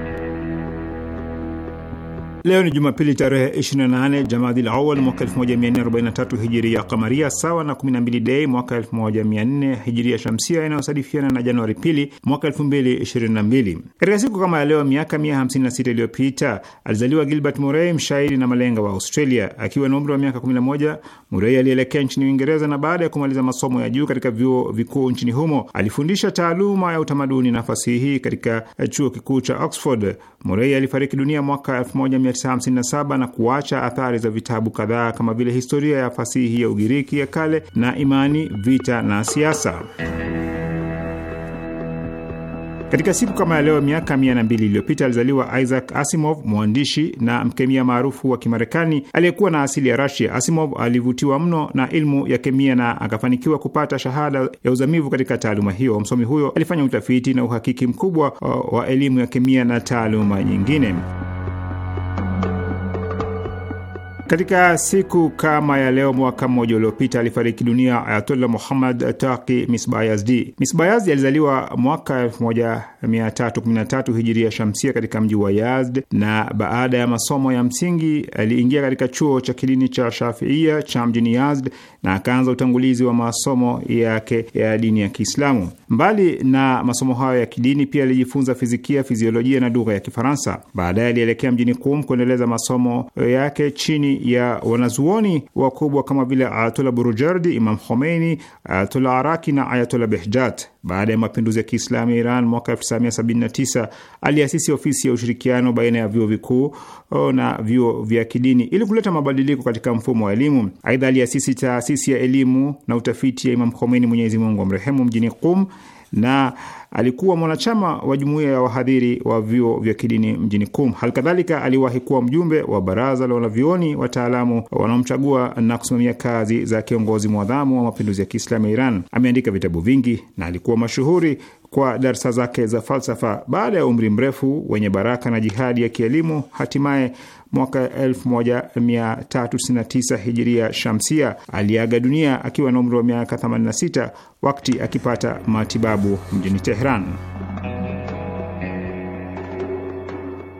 Leo ni Jumapili tarehe 28 Jamadil Awal mwaka 1443 hijiria kamaria, sawa na 12 Dei mwaka 1400 hijiria shamsia, inayosadifiana na Januari pili mwaka 2022. Katika siku kama ya leo miaka 156 iliyopita alizaliwa Gilbert Murray, mshairi na malenga wa Australia. Akiwa na umri wa miaka 11, Murray alielekea nchini Uingereza na baada ya kumaliza masomo ya juu katika vyuo vikuu nchini humo alifundisha taaluma ya utamaduni na fasihi katika eh, chuo kikuu cha Oxford. Murray alifariki dunia mwaka 11 1957 na kuacha athari za vitabu kadhaa kama vile historia ya fasihi ya Ugiriki ya kale na imani, vita na siasa. Katika siku kama ya leo miaka mia na mbili iliyopita alizaliwa Isaac Asimov, mwandishi na mkemia maarufu wa Kimarekani aliyekuwa na asili ya russia Asimov alivutiwa mno na ilmu ya kemia na akafanikiwa kupata shahada ya uzamivu katika taaluma hiyo. Msomi huyo alifanya utafiti na uhakiki mkubwa uh, wa elimu ya kemia na taaluma nyingine. Katika siku kama ya leo mwaka mmoja uliopita alifariki dunia Ayatollah Muhammad Taqi Misbayazdi. Misbayazdi alizaliwa mwaka 1313 hijiria shamsia katika mji wa Yazd, na baada ya masomo ya msingi aliingia katika chuo cha kidini cha Shafiia cha mjini Yazd na akaanza utangulizi wa masomo yake ya dini ya Kiislamu. Mbali na masomo hayo ya kidini, pia alijifunza fizikia, fiziolojia na lugha ya Kifaransa. Baadaye alielekea mjini Qum kuendeleza masomo yake chini ya wanazuoni wakubwa kama vile Ayatollah Burujardi, Imam Khomeini, Ayatollah Araki na Ayatollah Behjat. Baada ya mapinduzi ya Kiislamu ya Iran mwaka 1979 aliasisi ofisi ya ushirikiano baina ya vyuo vikuu oh, na vyuo vya kidini ili kuleta mabadiliko katika mfumo wa elimu. Aidha, aliasisi taasisi taasisi ya elimu na utafiti ya Imam Khomeini, Mwenyezi Mungu amrehemu, mjini Qum na alikuwa mwanachama wa jumuiya ya wahadhiri wa vyuo vya kidini mjini Qum. Halikadhalika, aliwahi kuwa mjumbe wa baraza la wanavyuoni wataalamu wanaomchagua na kusimamia kazi za kiongozi mwadhamu wa mapinduzi ya Kiislamu ya Iran. Ameandika vitabu vingi na alikuwa mashuhuri kwa darsa zake za falsafa. Baada ya umri mrefu wenye baraka na jihadi ya kielimu, hatimaye mwaka 1399 hijiria shamsia. Aliaga dunia akiwa na umri wa miaka 86 wakati akipata matibabu mjini Teheran.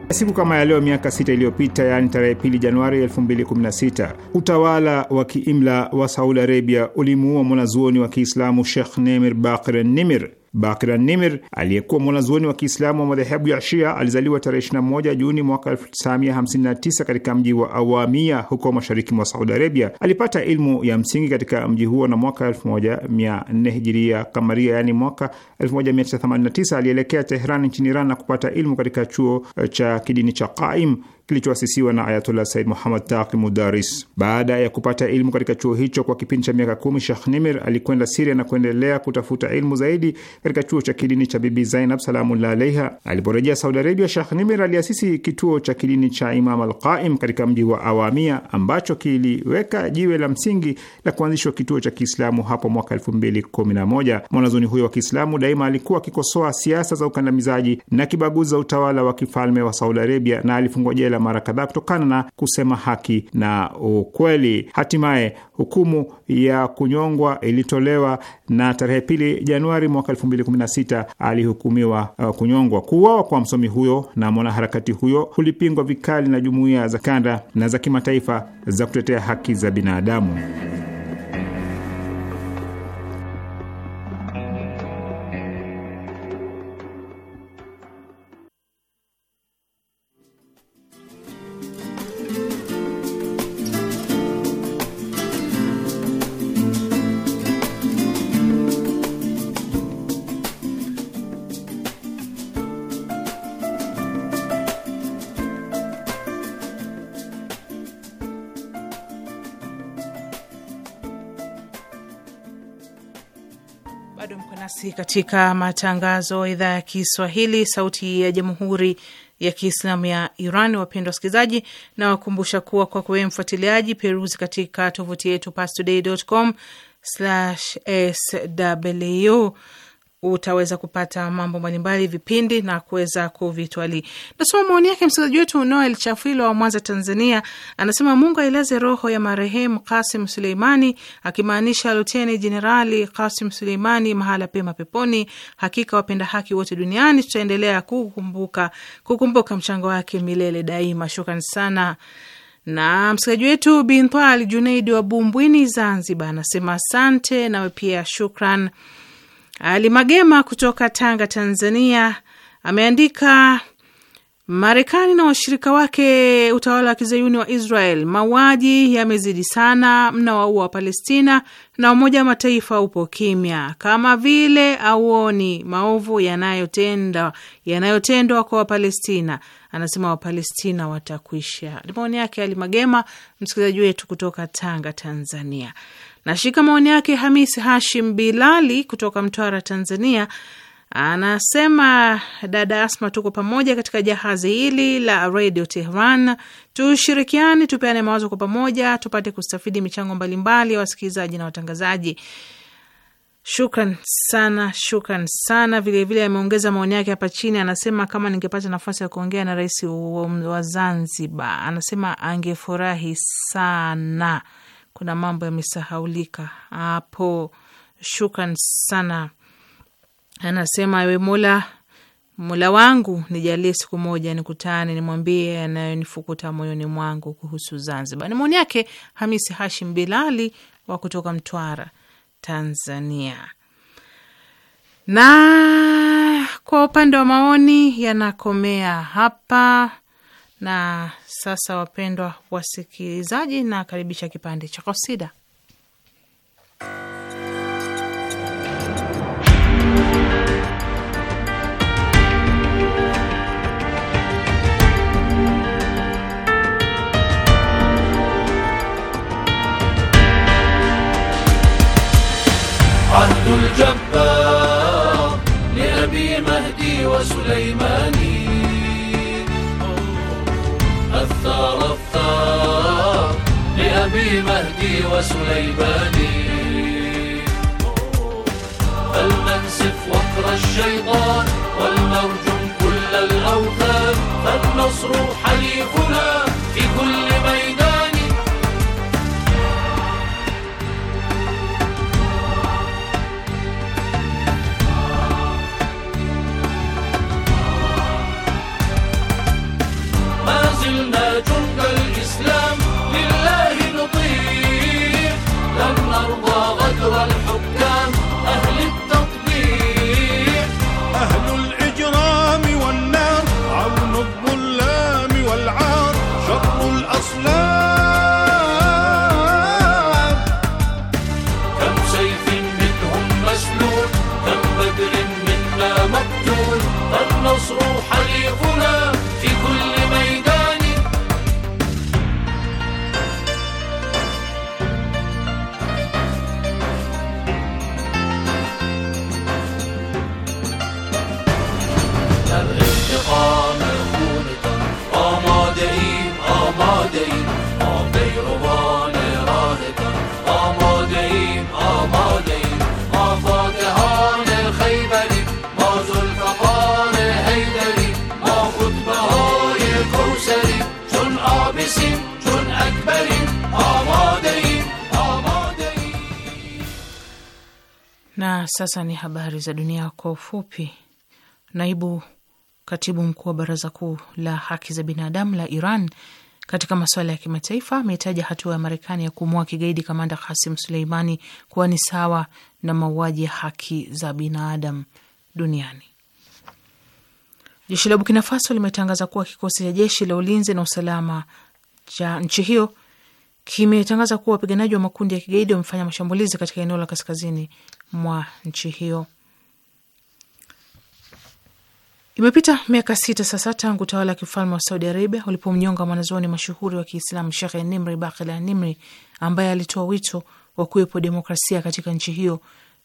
Siku kama ya leo miaka sita iliyopita, yaani tarehe pili Januari 2016, utawala wa kiimla wa Saudi Arabia ulimuua mwanazuoni wa Kiislamu Sheikh Nemir Bakr Nimir Bakran Nimir aliyekuwa mwanazuoni wa Kiislamu wa madhehebu ya Shia alizaliwa tarehe 21 Juni mwaka 1959 katika mji wa Awamia huko mashariki mwa Saudi Arabia. Alipata ilmu ya msingi katika mji huo na mwaka 1400 hijiria kamaria, yani mwaka 1989 alielekea Tehran nchini Iran na kupata ilmu katika chuo cha kidini cha Qaim kilichoasisiwa na Ayatollah Said Muhammad Taqi Mudaris. Baada ya kupata ilmu katika chuo hicho kwa kipindi cha miaka kumi, Shekh Nimir alikwenda Siria na kuendelea kutafuta ilmu zaidi katika chuo cha kidini cha Bibi Zainab Salamullah alaiha. Aliporejea Saudi Arabia, Shekh Nimir aliasisi kituo cha kidini cha Imam Alqaim katika mji wa Awamia ambacho kiliweka jiwe la msingi la kuanzishwa kituo cha Kiislamu hapo mwaka moja. mwanazuni huyo wa Kiislamu daima alikuwa akikosoa siasa za ukandamizaji na kibaguzi za utawala wa kifalme wa Saudi Arabia na alifungwa jela mara kadhaa kutokana na kusema haki na ukweli. Hatimaye hukumu ya kunyongwa ilitolewa na tarehe pili Januari mwaka elfu mbili kumi na sita alihukumiwa uh, kunyongwa. Kuuawa kwa msomi huyo na mwanaharakati huyo kulipingwa vikali na jumuiya za kanda na za kimataifa za kutetea haki za binadamu. Si katika matangazo ya idhaa ya Kiswahili sauti ya jamhuri ya Kiislamu ya Iran. Wapendwa wasikilizaji, na wakumbusha kuwa kwa kuwe mfuatiliaji peruzi katika tovuti yetu pastoday.com/sw utaweza kupata mambo mbalimbali vipindi na kuweza kuvitwali. Nasoma maoni yake msikilizaji wetu Noel Chafwilo wa Mwanza, Tanzania, anasema Mungu ailaze roho ya marehemu Kasim Suleimani, akimaanisha Luteni Jenerali Kasim Suleimani, mahala pema peponi. Hakika wapenda haki wote duniani tutaendelea kukumbuka, kukumbuka mchango wake milele daima. Shukran sana na msikilizaji wetu Bintwal Junaidi wa Bumbwini, Zanzibar, anasema asante. Nawe pia shukran. Ali Magema kutoka Tanga, Tanzania, ameandika Marekani na washirika wake utawala wa kizayuni wa Israel, mauaji yamezidi sana, mnawaua Wapalestina na Umoja wa Mataifa upo kimya, kama vile auoni maovu yanayotenda yanayotendwa kwa Wapalestina. Anasema Wapalestina watakwisha. Maoni yake Ali Magema, msikilizaji wetu kutoka Tanga, Tanzania. Nashika maoni yake Hamis Hashim Bilali kutoka Mtwara, Tanzania. Anasema dada Asma, tuko pamoja katika jahazi hili la Radio Tehran. Tushirikiane, tupeane mawazo kwa pamoja, tupate kustafidi michango mbalimbali ya wasikilizaji na watangazaji. Shukran sana, shukran sana. Vilevile ameongeza maoni yake hapa chini, anasema kama ningepata nafasi ya kuongea na rais wa Zanzibar, anasema angefurahi sana kuna mambo yamesahaulika hapo. Shukran sana. Anasema, we Mola, Mola wangu nijalie siku moja nikutane, nimwambie yanayonifukuta moyoni mwangu kuhusu Zanzibar. Ni maoni yake Hamisi Hashim Bilali wa kutoka Mtwara, Tanzania. Na kwa upande wa maoni yanakomea hapa na sasa, wapendwa wasikilizaji, na karibisha kipande cha kosida Abdul Jabbar أبي مهدي وسليماني فلننسف وكر الشيطان ولنرجم كل الأوثان فالنصر حليفنا في كل ميدان Sasa ni habari za dunia kwa ufupi. Naibu katibu mkuu wa baraza kuu la haki za binadamu la Iran katika masuala ya kimataifa ametaja hatua ya Marekani ya kumua kigaidi kamanda Kasim Suleimani kuwa ni sawa na mauaji ya haki za binadamu duniani. Jeshi la Bukina Faso limetangaza kuwa kikosi cha jeshi la ulinzi na usalama cha nchi hiyo kimetangaza kuwa wapiganaji wa makundi ya kigaidi wamefanya mashambulizi katika eneo la kaskazini mwa nchi hiyo. Imepita miaka sita sasa tangu utawala wa kifalme wa Saudi Arabia ulipomnyonga mwanazuoni mashuhuri wa Kiislamu Shekhe Nimri bakila Nimri ambaye alitoa wito wa kuwepo demokrasia katika nchi hiyo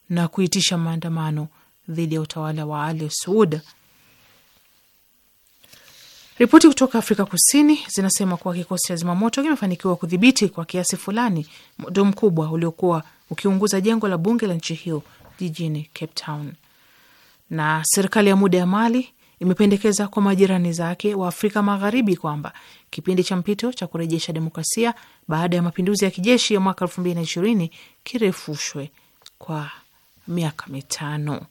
na kuitisha maandamano dhidi ya utawala wa Ali Saud Ripoti kutoka Afrika Kusini zinasema kuwa kikosi cha zimamoto kimefanikiwa kudhibiti kwa kiasi fulani moto mkubwa uliokuwa ukiunguza jengo la bunge la nchi hiyo jijini Cape Town. Na serikali ya muda ya Mali imependekeza kwa majirani zake wa Afrika Magharibi kwamba kipindi cha mpito cha kurejesha demokrasia baada ya mapinduzi ya kijeshi ya mwaka elfu mbili na ishirini kirefushwe kwa miaka mitano.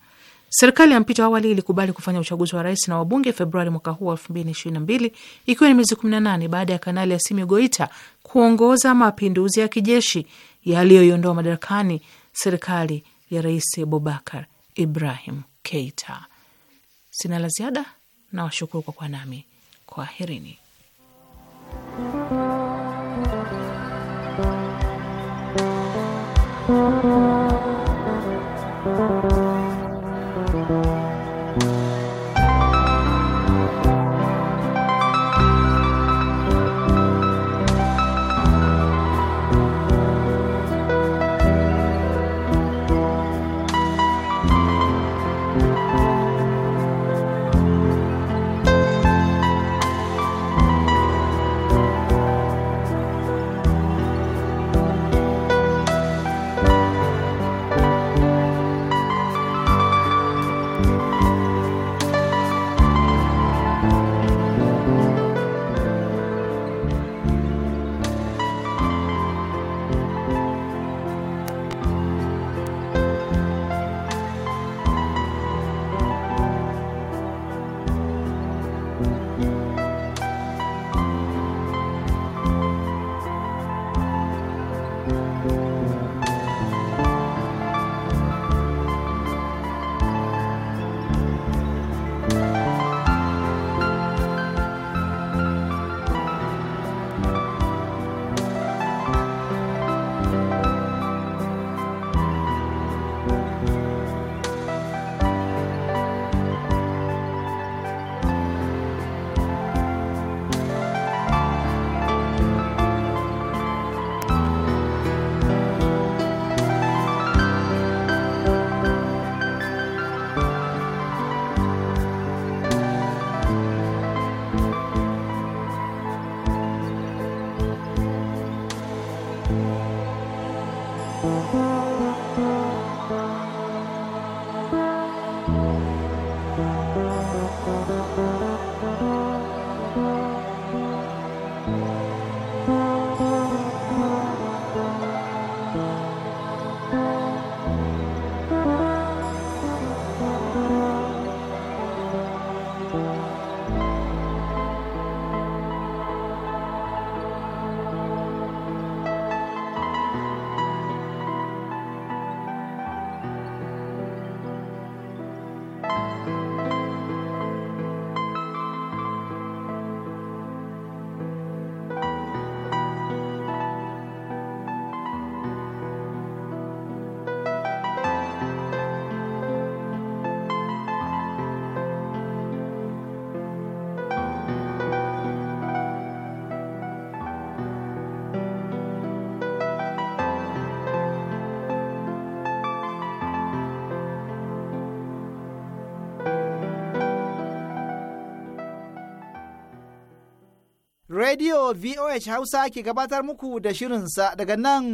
Serikali ya mpito awali ilikubali kufanya uchaguzi wa rais na wabunge Februari mwaka huu elfu mbili ishirini na mbili ikiwa ni miezi kumi na nane baada ya Kanali ya Simi Goita kuongoza mapinduzi ya kijeshi yaliyoiondoa madarakani serikali ya Rais Bobakar Ibrahim Keita. Sina la ziada na washukuru kwa kuwa nami, kwaherini. radio VOH hausa ke gabatar muku da shirinsa daga nan